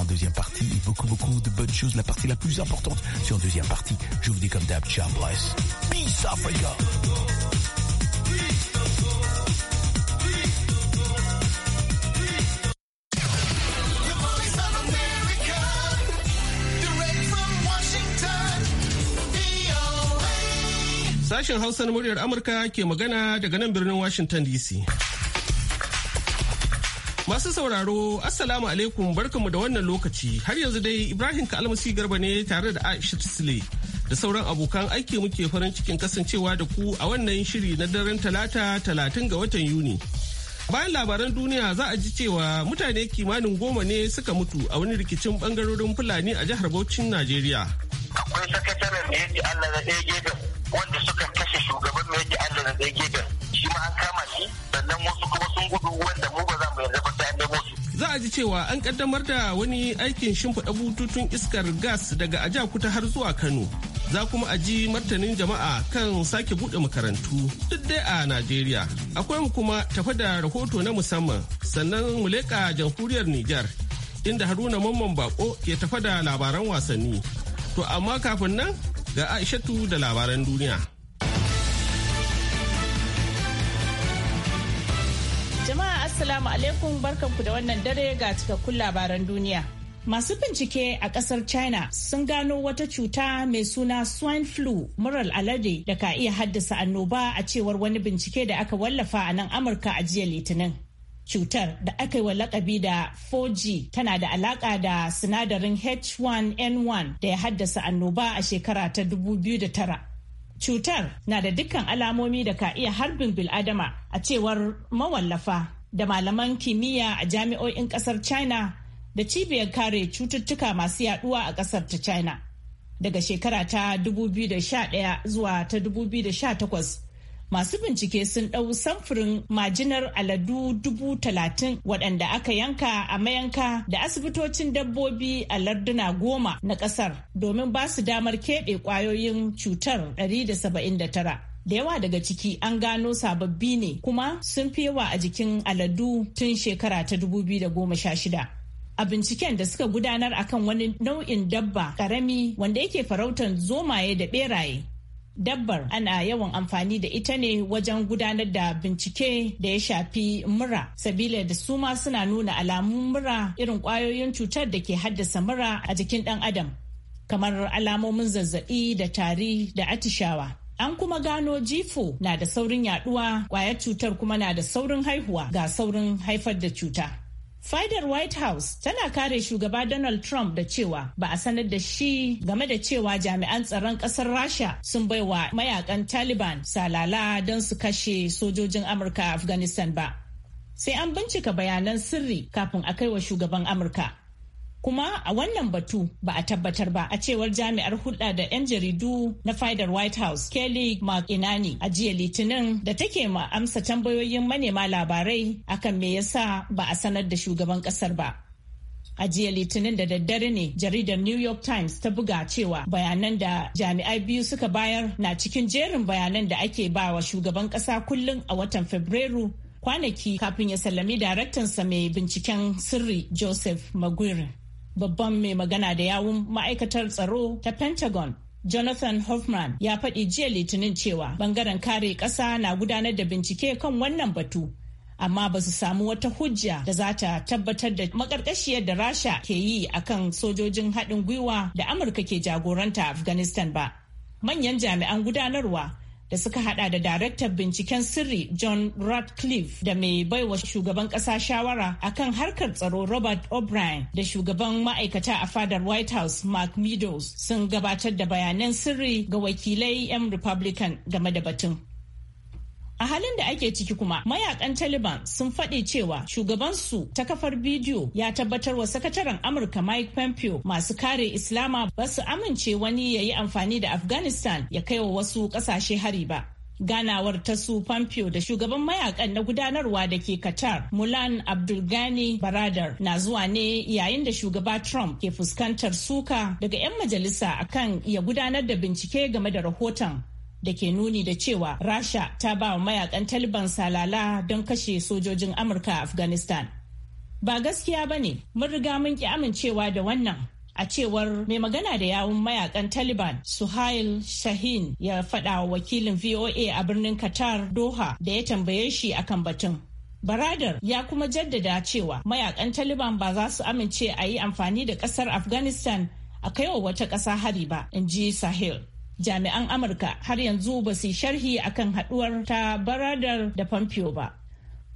en deuxième partie et beaucoup, beaucoup de bonnes choses. La partie la plus importante, c'est en deuxième partie. Je vous dis comme d'hab, ciao, bless. Peace, Africa. Sashen Hausa na muryar Amurka ke magana daga nan birnin Washington DC. Masu sauraro, Assalamu alaikum barkanmu da wannan lokaci. Har yanzu dai Ibrahim Kalmasi Garba ne tare da Aisha Tisle da sauran abokan aiki muke farin cikin kasancewa da ku a wannan shiri na daren talata talatin ga watan Yuni. Bayan labaran duniya za a ji cewa mutane kimanin goma ne suka mutu a wani rikicin bangarorin Fulani a jihar Bauchin Najeriya. Akwai sakataren da yake Allah na ɗaya gefen wanda suka kashe shugaban da yake Allah na ɗaya gefen. Shi ma an kama shi sannan wasu kuma sun gudu za ji cewa an kaddamar da wani aikin shimfiɗa bututun iskar gas daga ajakuta har zuwa kano za kuma a ji martanin jama'a kan sake buɗe makarantu duk dai a najeriya akwai mu kuma tafa da rahoto na musamman sannan mu leƙa jamhuriyar niger inda haruna mamman bako ke tafa da labaran wasanni to amma kafin nan ga aishatu da labaran duniya Assalamu alaikum barkanku da wannan dare ga cikakkun labaran duniya. Masu bincike a kasar China sun gano wata cuta mai suna swine flu murar alade da ka iya haddasa annoba a cewar wani bincike da aka wallafa a nan Amurka a jiya Litinin. Cutar da aka yi wa lakabi da 4G tana da alaka da sinadarin H1N1 da ya haddasa annoba a shekara ta 2009. cutar na da dukkan alamomi da ka iya harbin biladama a cewar mawallafa da malaman kimiyya a jami'o'in kasar china da cibiyar kare cututtuka masu yaduwa a kasar ta china daga shekara ta 2011 zuwa ta 2018 masu bincike sun ɗau samfurin majinar aladu dubu talatin waɗanda aka yanka a mayanka da asibitocin dabbobi a larduna goma na ƙasar domin ba su damar keɓe ƙwayoyin cutar 179 da yawa daga ciki an gano sababbi ne kuma sun fi yawa a jikin aladu tun shekara ta 2016 a binciken da suka gudanar akan wani nau'in dabba karami wanda yake farautan zomaye da beraye dabbar ana yawan amfani da ita ne wajen gudanar da bincike da ya shafi mura sabila da su ma suna nuna alamun mura irin kwayoyin cutar da ke haddasa mura a jikin ɗan adam kamar alamomin zazzaɓi da tari da atishawa An kuma gano jifo na da saurin yaduwa kwayar cutar kuma na da saurin haihuwa ga saurin haifar da cuta. Fidar White House tana kare shugaba Donald Trump da cewa ba a sanar da shi game da cewa jami'an tsaron ƙasar Rasha sun baiwa mayakan Taliban salala don su kashe sojojin Amurka a Afghanistan ba. Sai an bincika bayanan sirri kafin a kai wa shugaban Amurka. kuma a wannan batu ba a tabbatar ba a cewar jami'ar hulɗa da 'yan jaridu na fadar white house kelly mcinani a jiya litinin da take ma amsa tambayoyin manema labarai akan me yasa ba a sanar da shugaban ƙasar ba a jiya litinin da daddare ne jaridar new york times ta buga cewa bayanan da jami'ai biyu suka bayar na cikin jerin bayanan da ake ba wa shugaban ƙasa kullum a watan fabrairu kwanaki kafin ya sallami daraktansa mai binciken sirri joseph maguire babban mai magana da yawun ma'aikatar tsaro ta pentagon jonathan hoffman ya faɗi jiya litinin cewa bangaren kare ƙasa na gudanar da bincike kan wannan batu amma ba su samu wata hujja da za ta tabbatar da makarkashiyar da rasha ke yi a kan sojojin haɗin gwiwa da amurka ke jagoranta afghanistan ba manyan jami'an gudanarwa da suka hada da daraktan binciken sirri John Radcliffe da mai baiwa shugaban kasa shawara akan harkar tsaro Robert O'Brien da shugaban ma'aikata a fadar White House Mark Meadows sun gabatar da bayanan sirri ga wakilai 'yan Republican game da batun. A halin da ake ciki kuma mayakan Taliban sun faɗi cewa shugabansu ta kafar bidiyo ya tabbatar wa sakataren Amurka Mike Pompeo masu kare Islama ba su amince wani ya yi amfani da Afghanistan ya kai wa wasu ƙasashe hari ba. ganawar ta su Pompeo da shugaban mayakan na gudanarwa da ke Qatar Mulan Abdulgani Baradar na zuwa ne yayin da shugaba Trump ke fuskantar suka daga 'yan majalisa akan ya gudanar da bincike game da rahoton da ke nuni da cewa rasha ta ba wa mayakan taliban salala don kashe sojojin amurka a afghanistan ba gaskiya ba ne mun riga mun ki amincewa da wannan a cewar mai magana da yawun mayakan taliban suhail shahin ya faɗa wa wakilin voa a birnin qatar doha da ya tambaye shi akan batun Baradar ya kuma jaddada cewa mayakan Taliban ba za su amince a yi amfani da kasar Afghanistan a kaiwa wata ƙasa hari ba, in ji Sahel. jami'an amurka har yanzu ba su sharhi akan haduwar ta baradar da pompeo ba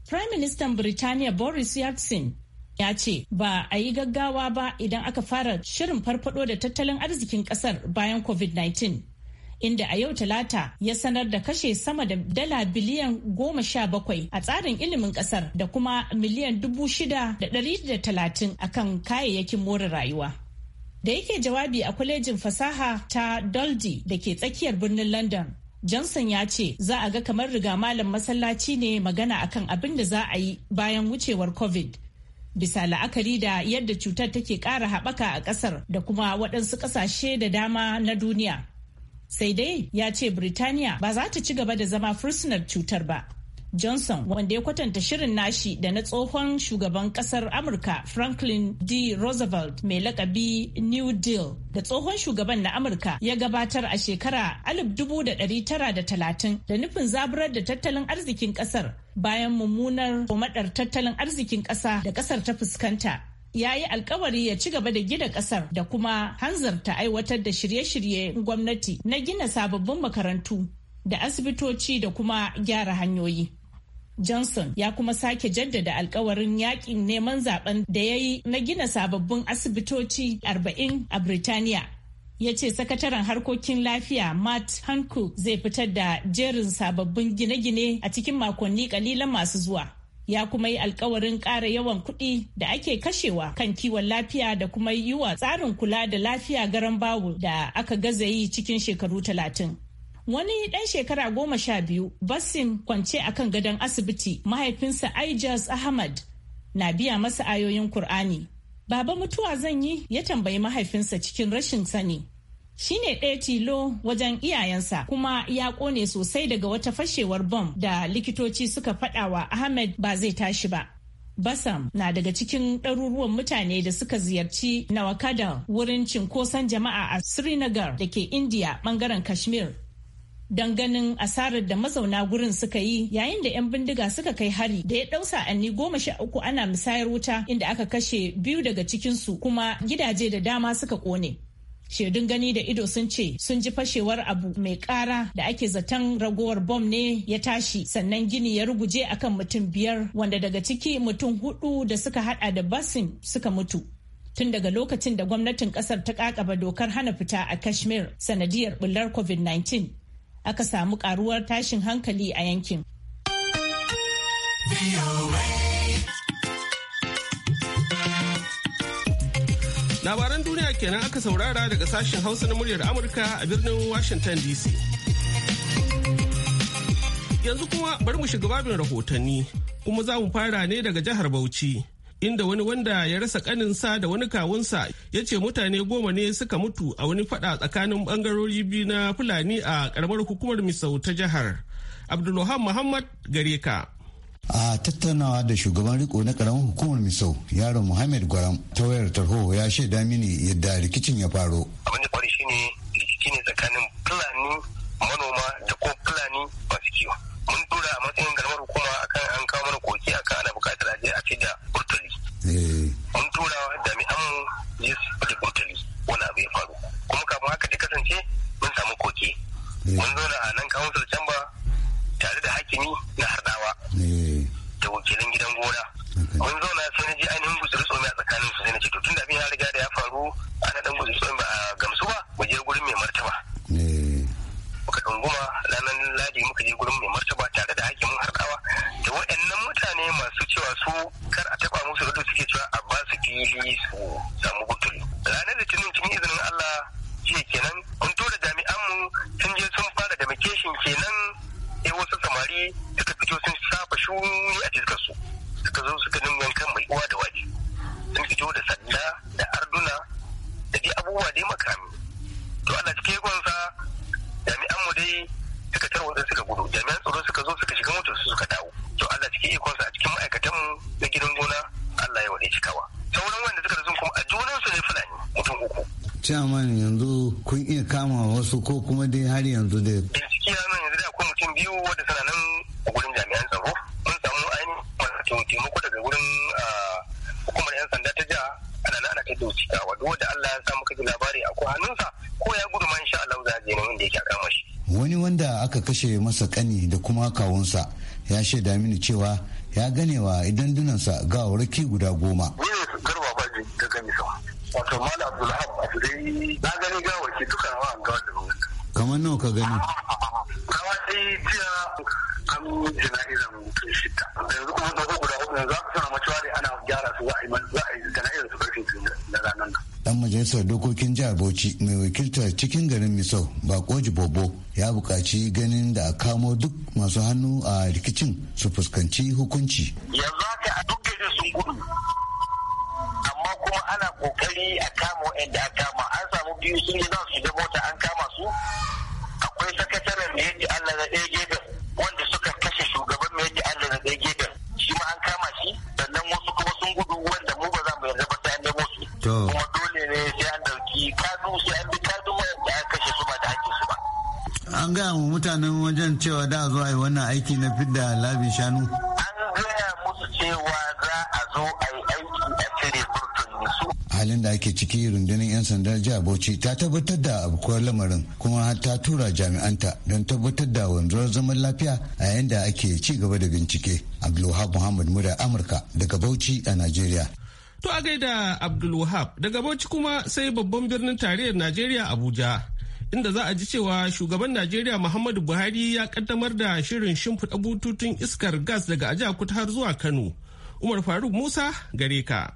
prime minister birtaniya boris yeltsin ya ce ba a yi gaggawa ba idan aka fara shirin farfado da tattalin arzikin kasar bayan covid-19 inda a yau talata ya sanar da kashe sama da dala biliyan goma sha bakwai a tsarin ilimin kasar da kuma miliyan dubu shida da dari da talatin akan kayayyakin more rayuwa Da yake jawabi a kwalejin fasaha ta doldi da ke tsakiyar birnin London, Johnson ya ce za a ga kamar riga malam masallaci ne magana akan abin da za a yi bayan wucewar COVID. Bisa la'akari da yadda cutar take ƙara haɓaka a ƙasar da kuma waɗansu ƙasashe da dama na duniya. Sai dai ya ce Birtaniya ba za ta ci gaba da zama fursunar cutar ba. Johnson wanda ya kwatanta shirin nashi da na tsohon shugaban kasar Amurka Franklin D. Roosevelt mai lakabi New Deal da tsohon shugaban na Amurka ya gabatar a shekara 1930 da nufin zaburar da tattalin arzikin kasar bayan mummunar kumadar tattalin arzikin kasa da kasar ta fuskanta. ya yi alkawari ya ci gaba da gina kasar da kuma hanzarta aiwatar da shirye-shirye gwamnati na gina sababbin makarantu da asibitoci da kuma gyara hanyoyi. Johnson ya kuma sake jaddada alkawarin yakin neman zaben da ya yi na gina sababbin asibitoci 40 a Birtaniya. Ya ce sakataren harkokin lafiya Matt Hancock zai fitar da jerin sababbin gine-gine a cikin makonni kalilan masu zuwa. Ya kuma yi alkawarin ƙara yawan kuɗi da ake kashewa kan kiwon lafiya da kuma yi wa tsarin kula da lafiya garan bawu da aka gaza yi cikin shekaru talatin. Wani ɗan shekara goma sha biyu, Basin kwance a kan gadon asibiti mahaifinsa Aijas Ahmad na biya masa ayoyin Kur'ani. Baba mutuwa zan yi ya tambayi mahaifinsa cikin rashin sani. Shi ne ɗaya tilo wajen iyayensa kuma ya ƙone sosai daga wata fashewar bom da likitoci suka faɗawa Ahmad ba zai tashi ba. Basam na daga cikin ɗaruruwan mutane da suka ziyarci Nawakada wurin cinkoson jama'a a Srinagar da ke Indiya ɓangaren Kashmir don ganin asarar da mazauna gurin suka yi yayin da 'yan bindiga suka kai hari da ya ɗau sa'anni goma sha uku ana misayar wuta inda aka kashe biyu daga cikinsu kuma gidaje da dama suka kone. shaidun gani da ido sun ce sun ji fashewar abu mai kara da ake zaton ragowar bom ne ya tashi sannan gini ya ruguje akan mutum biyar wanda daga ciki mutum hudu da suka hada da basin suka mutu tun daga lokacin da gwamnatin kasar ta kakaba dokar hana fita a kashmir sanadiyar bular covid-19 aka samu karuwar tashin hankali a yankin. Labaran duniya kenan aka saurara daga sashen Hausa na muryar Amurka a birnin Washington DC. Yanzu kuma bari mu shiga babin rahotanni, kuma za mu fara ne daga jihar Bauchi. inda wani wanda ya rasa kaninsa da wani kawunsa ya ce mutane goma ne suka mutu a wani fada tsakanin bangarori biyu na fulani a karamar hukumar misau ta jihar abdulluhan muhammad gare ka a tattaunawa da shugaban riko na karamar hukumar misau yaron muhammad gwaram ta wayar tarho ya shaida mini yadda rikicin ya faro abin da kwari shine rikici ne tsakanin fulani manoma da ce mun samu koke eh. mun zauna a nan council chamber tare da hakimi na hardawa eh. da wakilan gidan gona mun zauna sai na ji ainihin gutsuri tsomi a tsakanin su sai na ce to tun da abin ya riga da ya faru ana dan gutsuri tsomi ba a gamsu ba mu je gurin mai martaba eh. muka dunguma ranar ladi muka je gurin mai martaba tare da hakimin hardawa da waɗannan mutane masu cewa su kar a taba musu da suke cewa a ba su fili su wani wanda aka kashe masa kani da kuma kawunsa ya shaida mini cewa ya ganewa idan dunansa ga wuraki guda goma. wato mala na gani duka wa an gawa da kamar nawa ka gani. sai jiya ana gyara su za dan majalisar dokokin jihar bauchi mai wakiltar cikin garin miso bakoji bobo ya buƙaci ganin da a kamo duk masu hannu a rikicin su fuskanci hukunci yanzu haka duk gari sun gudu amma kuma ana kokari a kama wa'anda a kama an samu biyu sun yi za su da mota an kama su akwai sakataren da ya ji allah na ɗaya gefen wanda suka Kuma dole ne sai an ɗauki kadu sai an bi kadu aka kashe su ba da hakkin su ba. An gaya wa mutanen wajen cewa da a yi wannan aiki na fidda labin shanu. An gaya musu cewa za a zo a yi aiki a cire furtun halin da ake ciki rundunar 'yan sandar jihar bauchi ta tabbatar da abokuwar lamarin kuma ta tura jami'anta don tabbatar da wanzuwar zaman lafiya a yayin da ake ci gaba da bincike abdulwahab muhammad muda amurka daga bauchi a najeriya To a gaida Abdulwahab daga Bauchi kuma sai babban birnin tarayyar Najeriya Abuja. Inda za a ji cewa shugaban Najeriya Muhammadu Buhari ya kaddamar da shirin shimfiɗa bututun iskar gas daga Ajakut har zuwa Kano. Umar Faruk Musa gare ka.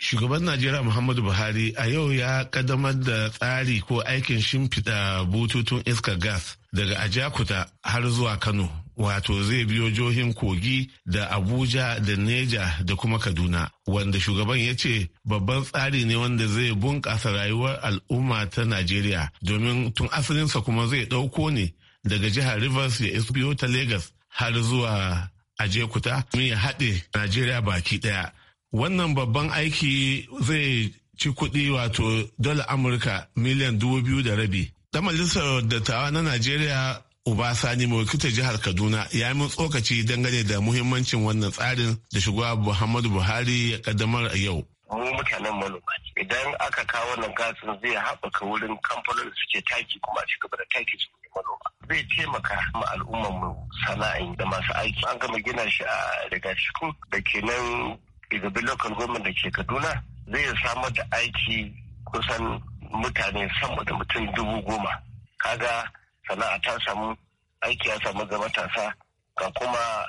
Shugaban Najeriya Muhammadu Buhari a yau ya kaddamar da tsari ko aikin shimfiɗa bututun iskar gas daga Ajakuta har zuwa Kano wato zai biyo johin kogi da abuja da neja da kuma kaduna wanda shugaban ya ce babban tsari ne wanda zai bunƙasa rayuwar al'umma ta najeriya domin tun asalinsa kuma zai ɗauko ne daga jihar rivers ya biyo ta Legas har zuwa ajekuta ya haɗe najeriya baki ɗaya wannan babban aiki zai ci kuɗi wato dola amurka miliyan dubu biyu da rabi. ɗan majalisar dattawa na Najeriya Uba Sani mai jihar Kaduna ya yi min tsokaci dangane da muhimmancin wannan tsarin da shugaba Muhammadu Buhari ya kaddamar a yau. mu mutanen manoma idan aka kawo wannan gasin zai haɓaka wurin kamfanin da suke taki kuma a taki su manoma zai taimaka ma al'ummar mu sana'a da masu aiki an gama gina shi a daga cikin da ke nan igabi local government da ke kaduna zai samar da aiki kusan mutane sama da mutum dubu goma kaga sana'a ta samu aiki ya samu ga matasa ga kuma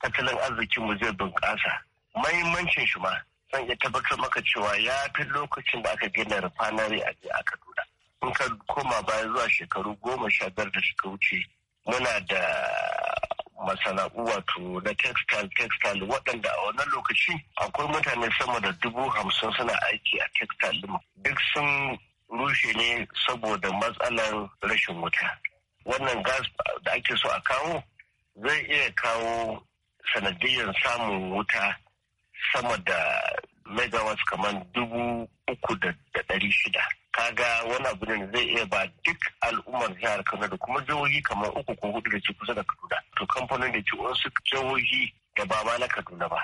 tattalin arzikinmu zai bunƙasa mahimmancin shi ma zan iya tabbatar maka cewa ya fi lokacin da aka gina rufanari a aka kaduna in ka koma baya zuwa shekaru goma sha biyar da suka wuce muna da masana'u wato na textile textile waɗanda a wannan lokaci akwai mutane sama da dubu hamsin suna aiki a textile duk sun rushe ne saboda matsalar rashin wuta wannan gas da ake so a kawo zai iya kawo sanadiyyar samun wuta sama da megawatts kamar dubu uku da ɗari shida kaga wani abu ne zai iya ba duk al'ummar jihar kano da kuma jihohi kamar uku ko hudu da ke kusa da kaduna to kamfanin da ke wasu jihohi da ba na kaduna ba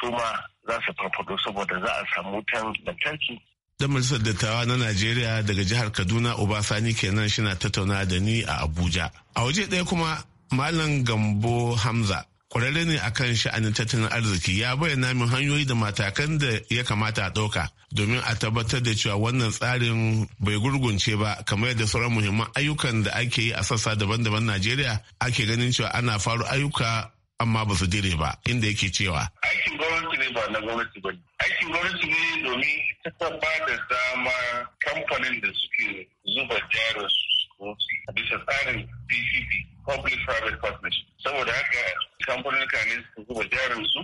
su ma za su farfado saboda za a samu wutan lantarki Dan majalisar dattawa na Najeriya daga jihar Kaduna Sani kenan shina tattauna da ni a Abuja. A waje ɗaya kuma Malam Gambo Hamza ƙwararre ne akan sha'anin tattalin arziki ya bayyana min hanyoyi da matakan da ya kamata a ɗauka domin a tabbatar da cewa wannan tsarin bai gurgunce ba kamar yadda sauran muhimman ayyukan da ake yi a sassa daban-daban Najeriya ake ganin cewa ana faru ayyuka amma ba su dire ba inda yake cewa. Aikin ba na gwamnati ba aikin gwamnati ne domin ta ba da dama kamfanin da suke zuba jarin su bisa tsarin pcp public private partnership saboda haka kamfanin ne su zuba jarin su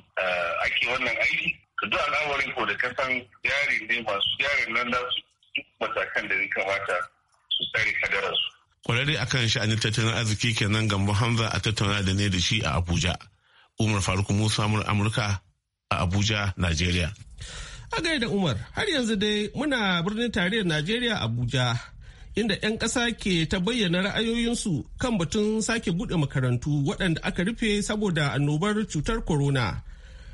ake wannan aiki ka duk al'amarin ko da san jari ne masu jarin nan da su duk matakan da ya kamata su tsare kadararsu kwararre akan sha'anin tattalin arziki kenan gambo hamza a tattauna da ne da shi a abuja umar faruk musa amurka a Abuja, Najeriya. A gaida Umar, har yanzu dai muna birnin tarayyar Najeriya Abuja, inda 'yan ƙasa ke ta bayyana ra'ayoyinsu kan batun sake buɗe makarantu waɗanda aka rufe saboda annobar cutar corona.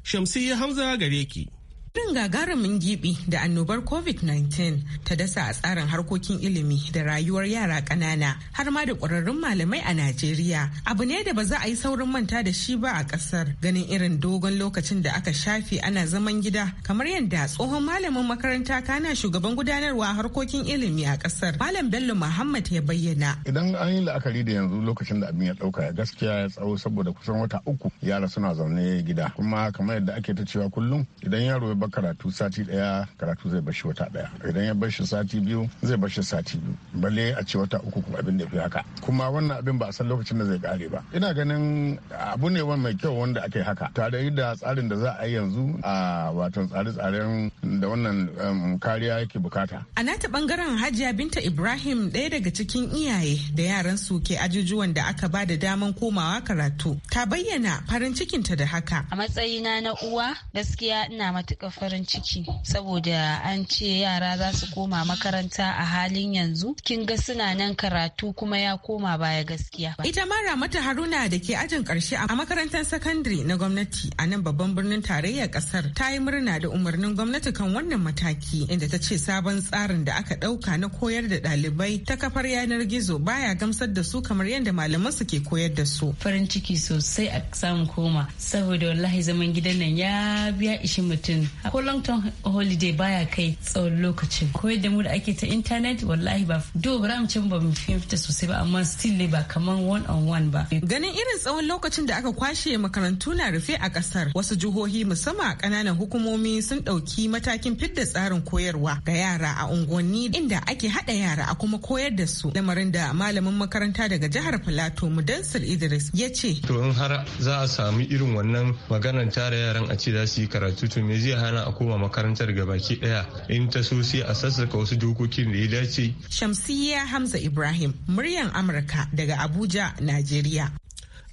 Shamsi Hamza gare ki. Irin gagarumin giɓi da annobar COVID-19 ta dasa a tsarin harkokin ilimi da rayuwar yara ƙanana har ma da ƙwararrun malamai a Najeriya. Abu ne da ba za a yi saurin manta da shi ba a ƙasar ganin irin dogon lokacin da aka shafe ana zaman gida kamar yadda tsohon malamin makaranta kana shugaban gudanarwa harkokin ilimi a ƙasar Malam Bello Muhammad ya bayyana. Idan an yi la'akari da yanzu lokacin da abin ya ɗauka ya gaskiya ya tsawo saboda kusan wata uku yara suna zaune gida kuma kamar yadda ake ta cewa kullum idan yaro ya ba karatu sati daya karatu zai bashi wata daya idan ya bashi sati biyu zai bashi sati biyu balle a ce wata uku kuma abin da fi haka kuma wannan abin ba a san lokacin da zai kare ba ina ganin abu ne wani mai kyau wanda ake haka tare da tsarin da za a yi yanzu a wato tsare-tsaren da wannan um, kariya yake bukata a nata bangaren hajiya binta ibrahim ɗaya daga cikin iyaye da yaran su ke ajujuwan da aka ba da daman komawa karatu ta bayyana farin cikinta da haka a matsayina na uwa gaskiya ina matuƙar farin ciki saboda an ce yara za su koma makaranta a halin yanzu kin ga suna nan karatu kuma ya koma baya gaskiya ita ma ramata haruna da ke ajin karshe a makarantar sakandare na gwamnati a nan babban birnin tarayyar kasar ta yi murna da umarnin gwamnati kan wannan mataki inda ta ce sabon tsarin da aka dauka na koyar da ɗalibai ta kafar yanar gizo baya gamsar da su kamar yadda malaman su ke koyar da su farin ciki sosai a samun koma saboda wallahi zaman gidan nan ya biya ishi mutum ko long term holiday baya kai tsawon lokacin ko yadda mu da ake ta internet wallahi ba do ba mu cin ba mu fita sosai ba amma still ne ba kamar one on one ba ganin irin tsawon lokacin da aka kwashe makarantu na rufe a kasar wasu jihohi musamman a kananan hukumomi sun dauki matakin fidda tsarin koyarwa ga yara a unguwanni inda ake hada yara a kuma koyar da su lamarin da malamin makaranta daga jihar plateau Mudansir Idris ya ce to in har za a sami irin wannan maganar tara yaran a ce za su yi karatu to me zai hana rana a koma makarantar gabaki daya in ta so sai a sassaka wasu dokokin da ya dace shamsiyya hamza ibrahim muryan amurka daga abuja najeriya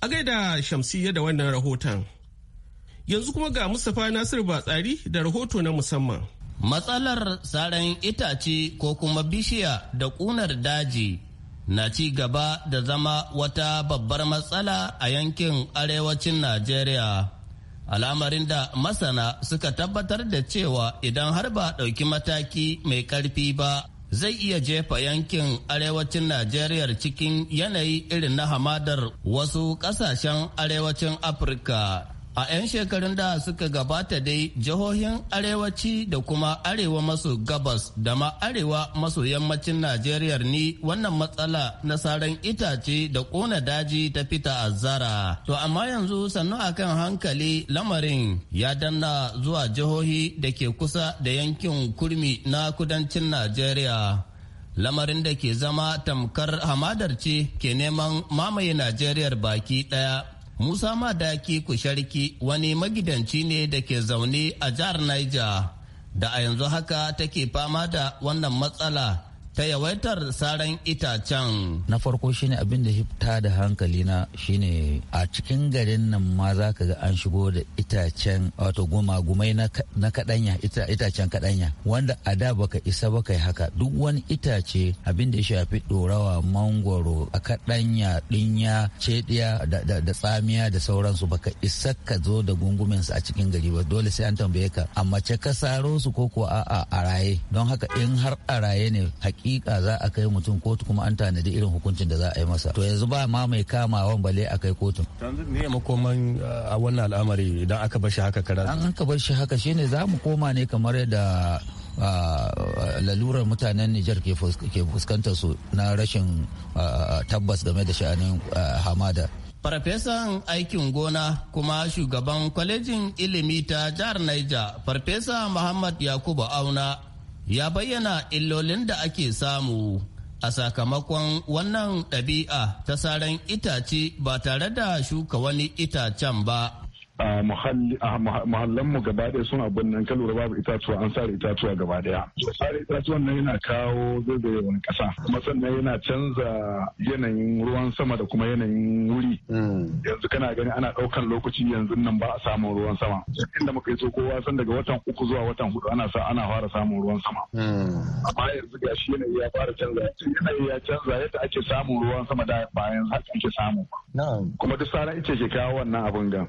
a gaida shamsiyya da wannan rahoton yanzu kuma ga mustapha nasiru batsari da rahoto na musamman matsalar saran itace ko kuma bishiya da kunar daji na ci gaba da zama wata babbar matsala a yankin arewacin najeriya al'amarin da masana suka tabbatar da cewa idan har ba ɗauki mataki mai ƙarfi ba zai iya jefa yankin arewacin Najeriya cikin yanayi irin na hamadar wasu ƙasashen arewacin Afirka. A 'yan shekarun da suka gabata dai jihohin arewaci da kuma arewa maso gabas da ma arewa maso yammacin Najeriya ni wannan matsala na saran itace da kona daji ta fita zara. To amma yanzu sannu a kan hankali lamarin ya danna zuwa jihohi da ke kusa da yankin kurmi na kudancin Najeriya. lamarin da ke zama tamkar hamadar ce ke neman mamaye Najeriya baki ɗaya. Musa Madaki Kusharki wani magidanci ne da ke zaune a jihar Niger da a yanzu haka take fama da wannan matsala ta yawaitar saran itacen. Na farko shine abin da ta da hankali na shine a cikin garin nan ma za ka ga an shigo da itacen wato gumai na kadanya itacen kadanya wanda a da baka isa baka haka duk wani itace abin da ya shafi dorawa mangoro a kadanya dinya cediya da tsamiya da sauransu baka isa ka zo da gungumen su a cikin gari ba dole sai an tambaye ka amma ce ka saro su ko ko a'a a raye don haka in har a raye ne hakika za a kai mutum kotu kuma an tanadi irin hukuncin da za a yi masa to yanzu ba ma mai kamawa bale a kai kotun yanzu ne makoman uh, a wannan al'amari idan aka bar shi haka karar an aka bar shi haka shine za mu koma ne kamar yadda uh, lalurar mutanen Nijar ke fuskantar su na rashin uh, tabbas game da sha'anin hamada Farfesan aikin gona kuma shugaban kwalejin ilimi ta jihar Niger, Farfesa Muhammad Yakubu Auna ya bayyana illolin da ake samu a sakamakon wannan ɗabi'a ta saran itace ba tare da shuka wani itacen ba muhallanmu gaba ɗaya suna abin nan ka lura babu itatuwa an sare itatuwa gaba ɗaya. Sare itatuwan nan yana kawo wani ƙasa kuma sannan yana canza yanayin ruwan sama da kuma yanayin wuri. Hmm. Yanzu kana gani ana ɗaukan lokaci yanzu nan ba a samun ruwan sama. Inda muka yi so kowa san daga watan uku zuwa watan hudu ana sa ana fara samun ruwan sama. Hmm. Amma yanzu ga shi yanayi ya fara canza yanayi ya canza yadda ake samun ruwan sama da bayan haka ake samu. Kuma duk sara ita ke kawo wannan abin gan.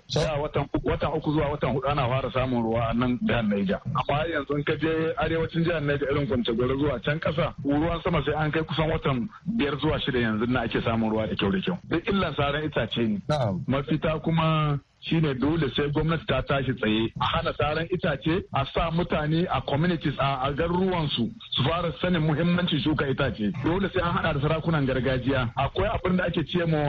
watan uku zuwa watan hudu ana fara samun ruwa a nan jihar Niger. Amma yanzu in ka je arewacin jihar Niger irin gwara zuwa can kasa ruwan sama sai an kai kusan watan biyar zuwa shida yanzu na ake samun ruwa da kyau da kyau. Duk illan saran itace ne. Mafita kuma shine dole sai gwamnati ta tashi tsaye a hana saran itace a sa mutane a communities a garuruwansu su su fara sanin muhimmancin shuka itace dole sai an hada da sarakunan gargajiya akwai abin da ake ce ma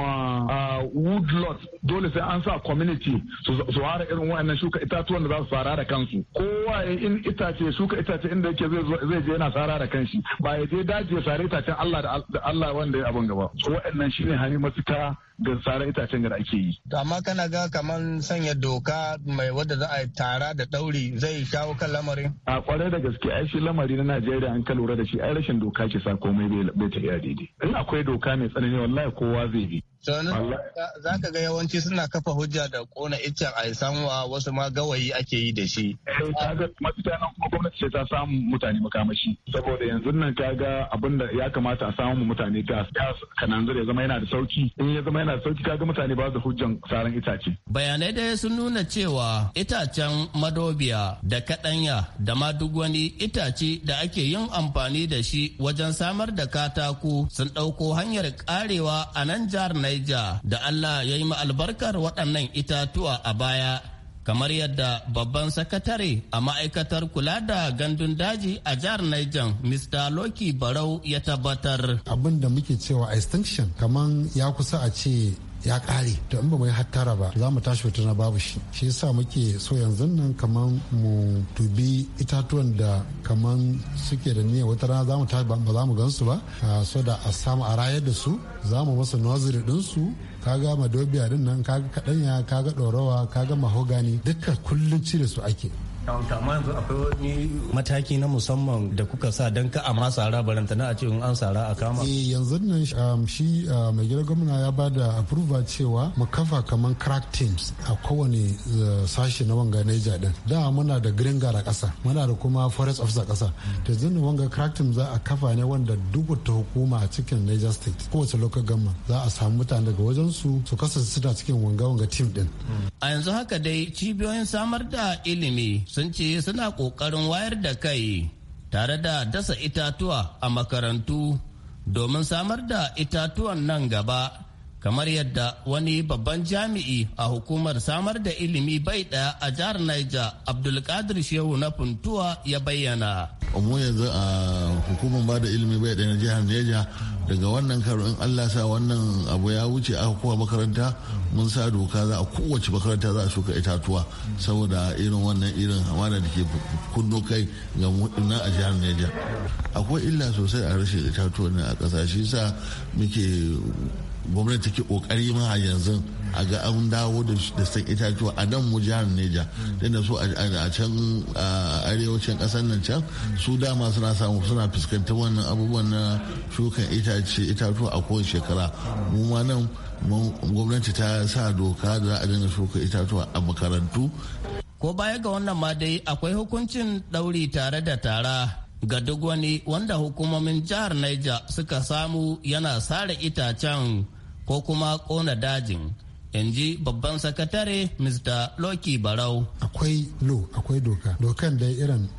woodlot dole sai an sa community su fara irin wayannan shuka itatuwan da za su fara da kansu kowa in itace shuka itace inda yake zai je yana fara da kanshi ba ya je daji ya sare itacen Allah da Allah wanda ya abin gaba wayannan shine hani mafita ga sare itacen da ake yi amma kana ga kamar an sanya doka mai wadda za a yi tara da ɗauri zai shawo kan lamarin? A kwarai da gaske ai shi lamari na Najeriya an ka lura da shi ai rashin doka ke sa komai bai tafiya daidai. In akwai doka mai tsanani wallahi kowa zai bi. za ka ga yawanci suna kafa hujja da kona iccen a samuwa wasu ma gawayi ake yi da shi. Eh, mafita nan kuma gwamnati ce ta samu mutane makamashi saboda yanzu nan ka ga abin da ya kamata a samu mutane gas gas kananzir ya zama yana da sauki in ya zama yana da sauki kaga mutane ba da hujjan saran itace. bayanai dai sun nuna cewa itacen madobiya da kaɗanya da ma duk wani itace da ake yin amfani da shi wajen samar da katako sun ɗauko hanyar karewa a nan jihar Elijah da Allah ya yi albarkar waɗannan itatuwa a baya kamar yadda babban sakatare a ma'aikatar kula da gandun daji a jihar Niger Mr. Loki Barau ya tabbatar. abinda muke cewa extinction kamar ya kusa a ce ya kare to in ba mu yi hattara ba za mu tashi fitina babu shi shi yasa muke so yanzu nan kaman mu tubi itatuwan da kaman suke da niyya wata rana za mu tashi ba za mu gansu ba ah, so da a samu a rayar da su za mu masa nursery din su kaga madobiya din nan kaga kadanya kaga ka kaga mahogani duka kullun cire su ake mataki na musamman da kuka sa don ka a ma sara baranta na a ce an sara a kama eh, yanzu nan um, shi uh, mai gida gwamna ya ba da approval cewa mu kafa kaman crack teams a kowane uh, sashe na wanga Niger din da muna da green guard a kasa muna da kuma forest officer kasa to yanzu wanga crack team za a kafa ne wanda duk ta hukuma a cikin Niger state kowace local government za a samu mutane daga wajen su su kasance suna cikin wanga wanga team din a yanzu haka dai cibiyoyin samar da ilimi sun ce suna ƙoƙarin wayar da kai tare da dasa itatuwa a makarantu domin samar da itatuwan nan gaba kamar yadda wani babban jami'i a hukumar samar da ilimi bai daya a jihar Niger Abdulkadir Shehu na funtua ya bayyana. mu yanzu a hukumar ba da ilimi bai daya na jihar Niger daga wannan karo in allah sa wannan abu ya wuce aka kowa makaranta mun sa doka za a kowace makaranta za a shuka itatuwa saboda irin wannan irin hamada da ke kunno kai ga nan a jihar niger akwai illa sosai a rashin itatuwa ne a ƙasashe sa muke gwamnati ke kokari ma a yanzu a ga an dawo da san itatuwa a nan mu jihar neja da su a can arewacin kasar nan can su dama suna samu suna fuskantar wannan abubuwan na shukan itatuwa a kowace shekara mu ma nan gwamnati ta sa doka da za a dinga shuka itatuwa a makarantu ko baya ga wannan ma dai akwai hukuncin dauri tare da tara ga duk wani wanda hukumomin jihar Niger suka samu yana sare itacen ko kuma kona dajin in ji babban sakatare mr loki barau akwai lo akwai doka dokan da irin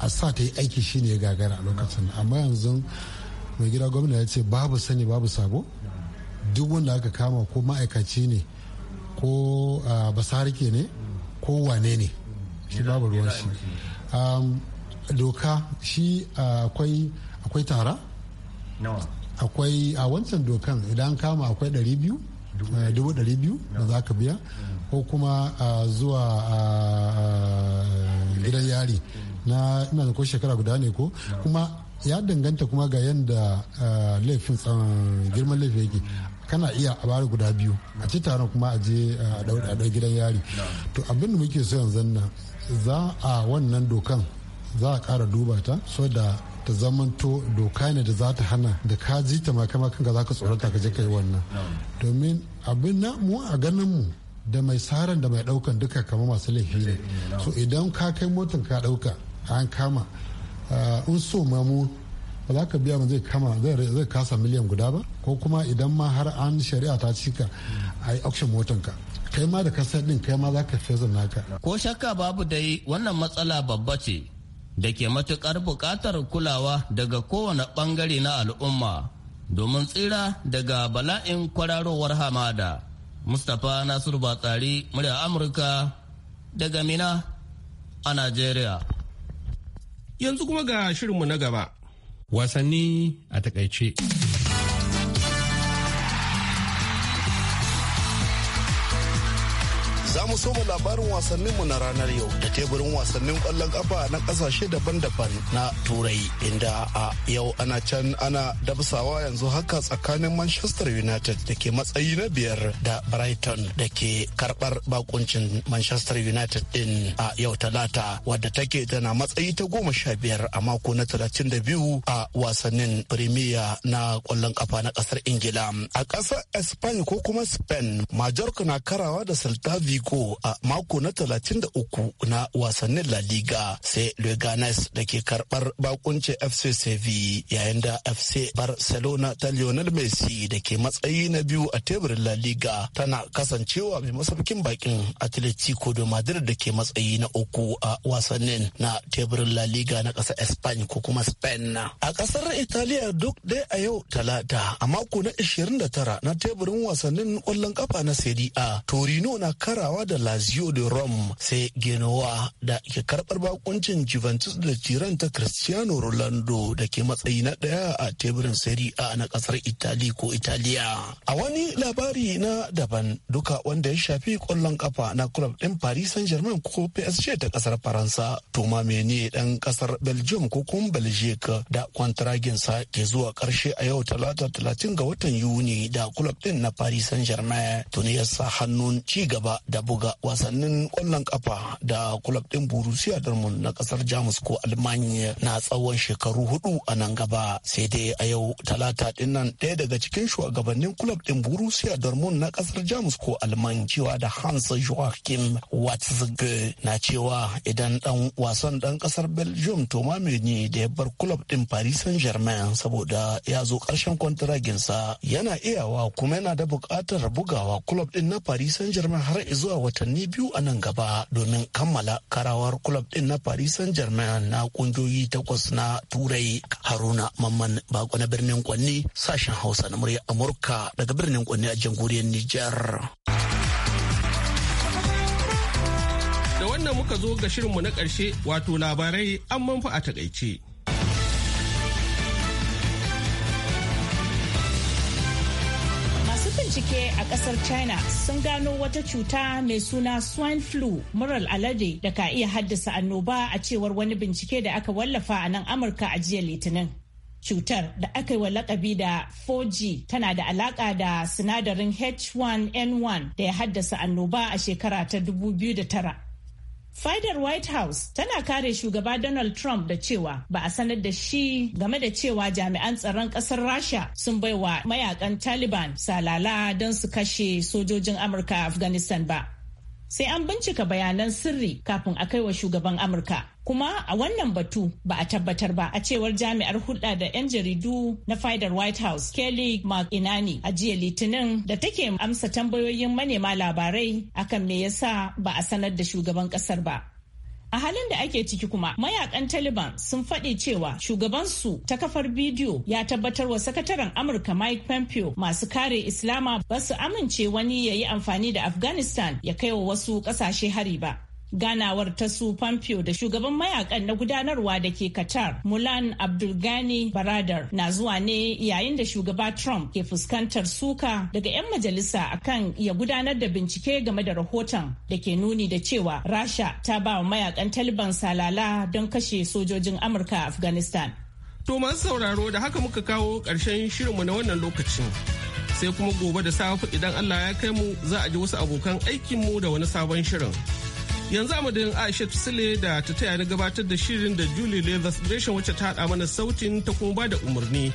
a sa ta yi aiki shine gagara a lokacin amma yanzu mai gida gwamna ya ce babu sani babu sabo duk wanda aka kama ko ma'aikaci ne ko basarike ne ko wane ne shi babu ruwan shi doka shi akwai tara akwai a wancan dokan idan kama akwai 200 eh, da za ka biya mm. ko kuma zuwa gidan yari na ina da ko shekara guda ne ko mm. kuma ya danganta kuma ga yadda laifin girman laifin yake kana iya a bari guda biyu a ci taron kuma a je a ɗau gidan yari to abinda muke so yanzu nan za a wannan dokan za a ƙara duba ta so da ta zamanto doka ne da za ta hana da ka ji ta ma kama kanka za ka tsorata ka je ka yi wannan domin abin na mu a ganin mu da mai tsaron da mai daukan duka kama masu laifi ne so idan ka kai motan ka dauka an kama ah, in so ma mu ba za ka biya mu zai kama zai kasa miliyan guda ba ko kuma idan ma har an shari'a ta cika a yi auction ka kai ma da kasar din kai ma za ka fesa naka ko shakka babu dai wannan matsala babba ce da ke matuƙar buƙatar kulawa daga kowane ɓangare na al'umma domin tsira daga bala'in kwararowar hamada. Mustapha Nasiru Batsari, murya Amurka daga Mina a Najeriya. Yanzu kuma ga shirinmu na gaba. Wasanni a takaice. Za mu soma labarin wasanninmu na ranar yau da teburin wasannin kwallon kafa na kasashe daban-daban na Turai inda a yau ana can ana dabsawa yanzu haka tsakanin Manchester United da ke matsayi na biyar da Brighton da ke karbar bakuncin Manchester United din a yau talata wadda take tana matsayi ta goma sha biyar a mako na talatin da biyu a wasannin Premier na kwallon kafa na kasar Ingila. A kasar Spain ko kuma Spain, Majorca na karawa da Celta Vigo mako a mako na 33 na wasannin La Liga sai Leganes da ke karbar bakunce FC Sevilla yayin da FC Barcelona ta Lionel Messi da ke matsayi na biyu a teburin La Liga tana kasancewa mai masaukin bakin Atletico de Madrid da ke matsayi na uku a wasannin na teburin La Liga na ƙasar Spain ko kuma Spain. A ƙasar Italiya duk dai a yau talata a mako na 29 na teburin wasannin ƙwallon kafa na Serie A Torino na karawa da lazio de rome sai genoa da ke karbar bakuncin juventus da tiran ta cristiano ronaldo da ke matsayi na daya a teburin serie a na kasar itali ko italiya a wani labari na daban duka wanda ya shafi kwallon kafa na club din paris saint germain ko psg ta kasar faransa toma mene dan kasar belgium ko kuma belgique da sa ke zuwa karshe a yau talata talatin ga watan yuni da club din na paris saint germain tuni ya sa hannun ci gaba da buga wasannin kwallon kafa da kulab ɗin Borussia Dortmund na kasar Jamus ko Almanya na tsawon shekaru hudu a nan gaba. Sai dai a yau talata ɗin nan ɗaya daga cikin shugabannin kulab ɗin Borussia Dortmund na kasar Jamus ko Alman cewa da Hans Joachim Watzig na cewa idan ɗan wasan ɗan ƙasar Belgium Thomas Meunier da ya bar kulab din Paris Saint-Germain saboda ya zo karshen kwantaraginsa yana iyawa kuma yana da buƙatar bugawa kulab ɗin na Paris Saint-Germain har zuwa watanni biyu a nan gaba domin kammala karawar club din na Paris Saint-Germain na kungiyoyi takwas na Turai Haruna Mamman Bako na birnin Kwanni sashen Hausa na murya Amurka daga birnin Kwanni a jamhuriyar Nijar. Da wannan muka zo ga shirinmu na ƙarshe wato labarai an manfa a takaice. bincike a kasar China sun gano wata cuta mai suna swine flu murar alade da ka iya haddasa annoba a cewar wani bincike da aka wallafa a nan Amurka a jiya Litinin. Cutar da aka yi wa lakabi da 4G tana da alaka da sinadarin H1N1 da ya haddasa annoba a shekara ta 2009. Fadar White House tana kare shugaba Donald Trump da cewa ba a sanar da shi game da cewa jami'an tsaron ƙasar Rasha sun baiwa mayakan Taliban salala don su kashe sojojin Amurka a Afghanistan ba. Sai an bincika bayanan sirri kafin a kai wa shugaban Amurka. kuma a wannan batu ba a tabbatar ba a cewar jami'ar hulɗa da 'yan jaridu na fadar white house kelly mcinani a jiya litinin da take amsa tambayoyin manema labarai akan me yasa ba a sanar da shugaban ƙasar ba A halin da ake ciki kuma mayakan Taliban sun faɗi cewa shugabansu ta kafar bidiyo ya tabbatar wa sakataren Amurka Mike Pompeo masu kare Islama ba su amince wani ya yi amfani da Afghanistan ya kai wa wasu ƙasashe hari ba. ganawar ta su Pompeo da shugaban mayakan na gudanarwa da ke Qatar Mulan Abdulgani Baradar na zuwa ne yayin da shugaba Trump ke fuskantar suka daga 'yan majalisa akan ya gudanar da bincike game da rahoton da ke nuni da cewa Rasha ta ba wa mayakan Taliban salala don kashe sojojin Amurka a Afghanistan. To masu sauraro da haka muka kawo ƙarshen shirinmu na wannan lokacin. Sai kuma gobe da safe idan Allah ya kai mu za a ji wasu abokan aikinmu da wani sabon shirin. yanzu amadin aisha sule da ta taya na gabatar da shirin da julie leathers gresham wacce ta hada mana sautin ta kuma ba da umarni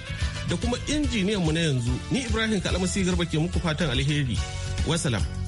da kuma injiniyan mu na yanzu ni ibrahim kalamasi garba ke muku fatan alheri wasalam